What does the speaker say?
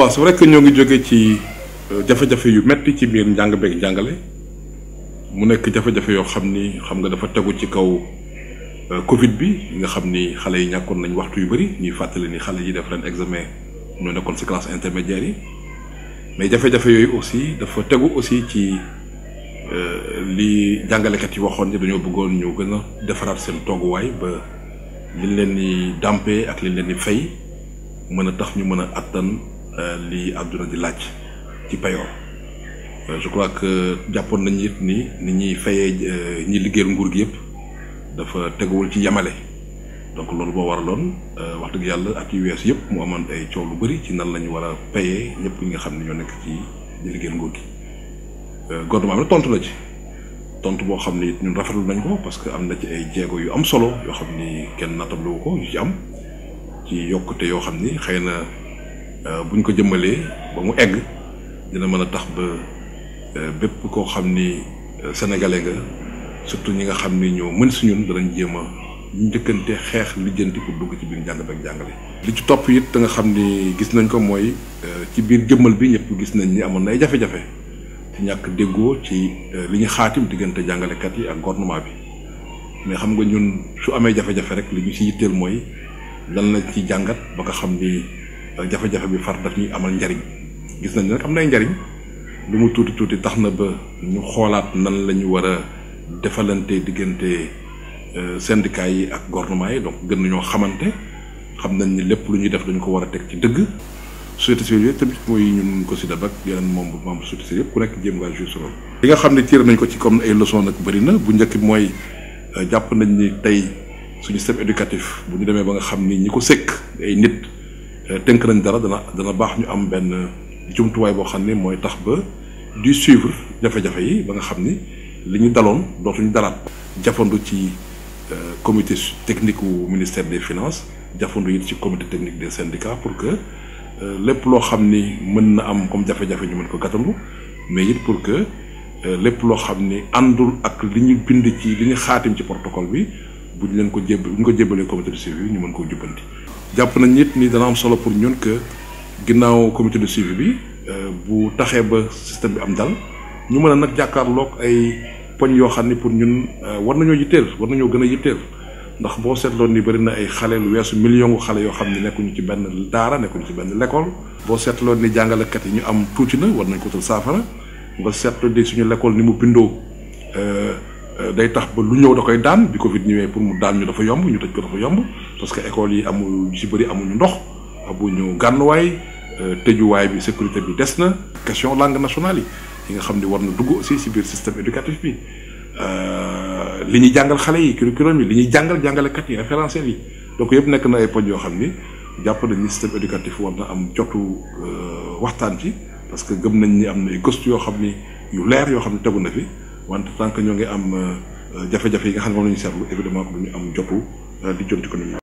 waaw su vrai que ñoo ngi jóge ci euh, jafe-jafe yu metti ci biir njàng beeg njàngale mu nekk jafe-jafe yoo xam ni xam nga dafa tegu ci kaw euh, Covid bi nga xam ni xale yi ñàkkoon nañ waxtu yu bëri ñuy fàttali ni xale yi def ren examen ñoo nekkoon ci classe intermédiaire yi mais jafe-jafe yooyu aussi dafa tegu aussi ci euh, li jàngalekat yi waxoon ni dañoo bëggoon ñu gën a defaraat seen tooguwaay ba liñ leen di dàmpee ak liñ leen di fay mën a tax ñu mën a attan. Euh, lii àdduna di laaj ci payoor euh, je crois que jàppoon nañu it ni ni ñuy fayee euh, ñi liggéeyal nguur gi yëpp dafa teguwul ci yamale donc loolu boo waraloon wax dëgg yàlla ak yu wees yëpp mu amoon ay coow lu bari ci nan la ñu war a payee ñëpp ñi nga xam ne ñoo nekk ci ñi liggéeyal nguur gi. gouvernement bi tontu la ci tontu boo xam ne it ñun rafetlu nañ ko parce que am na ci ay jéego yu am solo yoo xam ni kenn nattablu ko yu ci am ci yokkute yoo xam ni xëy na. Euh, bu ñu ko jëmbalee ba mu egg dina mën a tax ba euh, bépp koo xam ni euh, senegale nga surtout ñi nga xam ni ñoo mën si ñun danañ jéem a ñu njëkkante xeex lijjanti pour ci biir njàng ak jàngale. li ci topp it da nga xam ni gis nañ ko mooy ci biir jëmmal bi ñëpp gis nañ ni amoon na ay jafe-jafe ci ñàkk déggoo ci li ñu xaatim diggante jàngalekat yi ak gouvernement bi mais xam nga ñun su amee jafe-jafe rek li ñu si yitteel mooy lan lañ ci jàngat ba nga xam ni. jafé-jafé bi far daf ñuy amal njariñ gis nañ nak am na njariñ lu mu tuuti tuuti tax na ba ñu xoolaat nan lañu ñu war a defalante diggante euh, syndicat yi ak gouvernement yi donc gën nañoo xamante xam nañ ni lépp lu ñuy def dañ ko war a teg ci dëgg société civile yëpp tamit mooy ñun ko si dabak yeneen moom membre société civile yëpp ku nekk jéem ngaa jouer rôle li nga xam ne tiir nañ ko ci comme ay leçon nag bëri na bu njëkk mooy euh, jàpp nañ ni tey suñu système éducatif bu ñu demee ba nga xam ni ñi ko sëkk ay nit tënk nañ dara dana dana baax ñu am benn jumtuwaay boo xam ne mooy tax ba du suivre jafe-jafe yi ba nga xam ni li ñu daloon dootuñu dalaat. jafandu ci euh, comité technique wu ministère des finances jafandu it ci comité technique des syndicats pour que euh, lépp loo xam ni mën na am comme jafe-jafe ñu mën ko gàttandu mais it pour que euh, lépp loo xam ni àndul ak li ñu bind ci li ñu xaatim ci protocole bi bu ñu leen ko jébal bu ñu ko jébalee comité de suivi ñu mën koo jubbanti. jàpp nañ nit ni dana am solo pour ñun que ginnaaw commité de suivi bi euh, bu taxee ba système bi am dal ñu mën a nag jàkkaarlook ay poñ yoo xam ne pour ñun euh, war nañoo yitteel war nañoo gën a yitteel ndax boo seetloon ni bëri na ay xale lu weesu million gu xale yoo xam ni nekkuñu ci benn daara nekkuñu ci benn lekkool boo seetloo ni jàngalekat yi ñu am tuuti na war nañ ko tal saafara nga seetloo de suñu lekkool ni mu bindoo euh, Eh, day tax ba lu ñew da koy daan bi covid ñewé pour mu daan ñu dafa yomb ñu tej ko dafa yomb parce que école yi amu ci amu ñu ndox way teju way bi sécurité bi dess na question langue nationale yi nga xam war na dugg aussi si biir système éducatif bi eh, li ñi jàngal xalé yi curriculum yi li ñuy jàngal kat yi référentiel yi donc yëpp nekk na ay poñ yo xam ni jàpp système éducatif war na am jotu eh, waxtaan ci parce que gëm nañ ni am na ay gëstu yo xam ni yu leer yo xam ni tegu na fi wante tant que ñoo ngi am euh, jafe-jafe yi nga xam ne moom la ñu seetlu évidemment que du ñu am jotu euh, di jonti ko nit ñi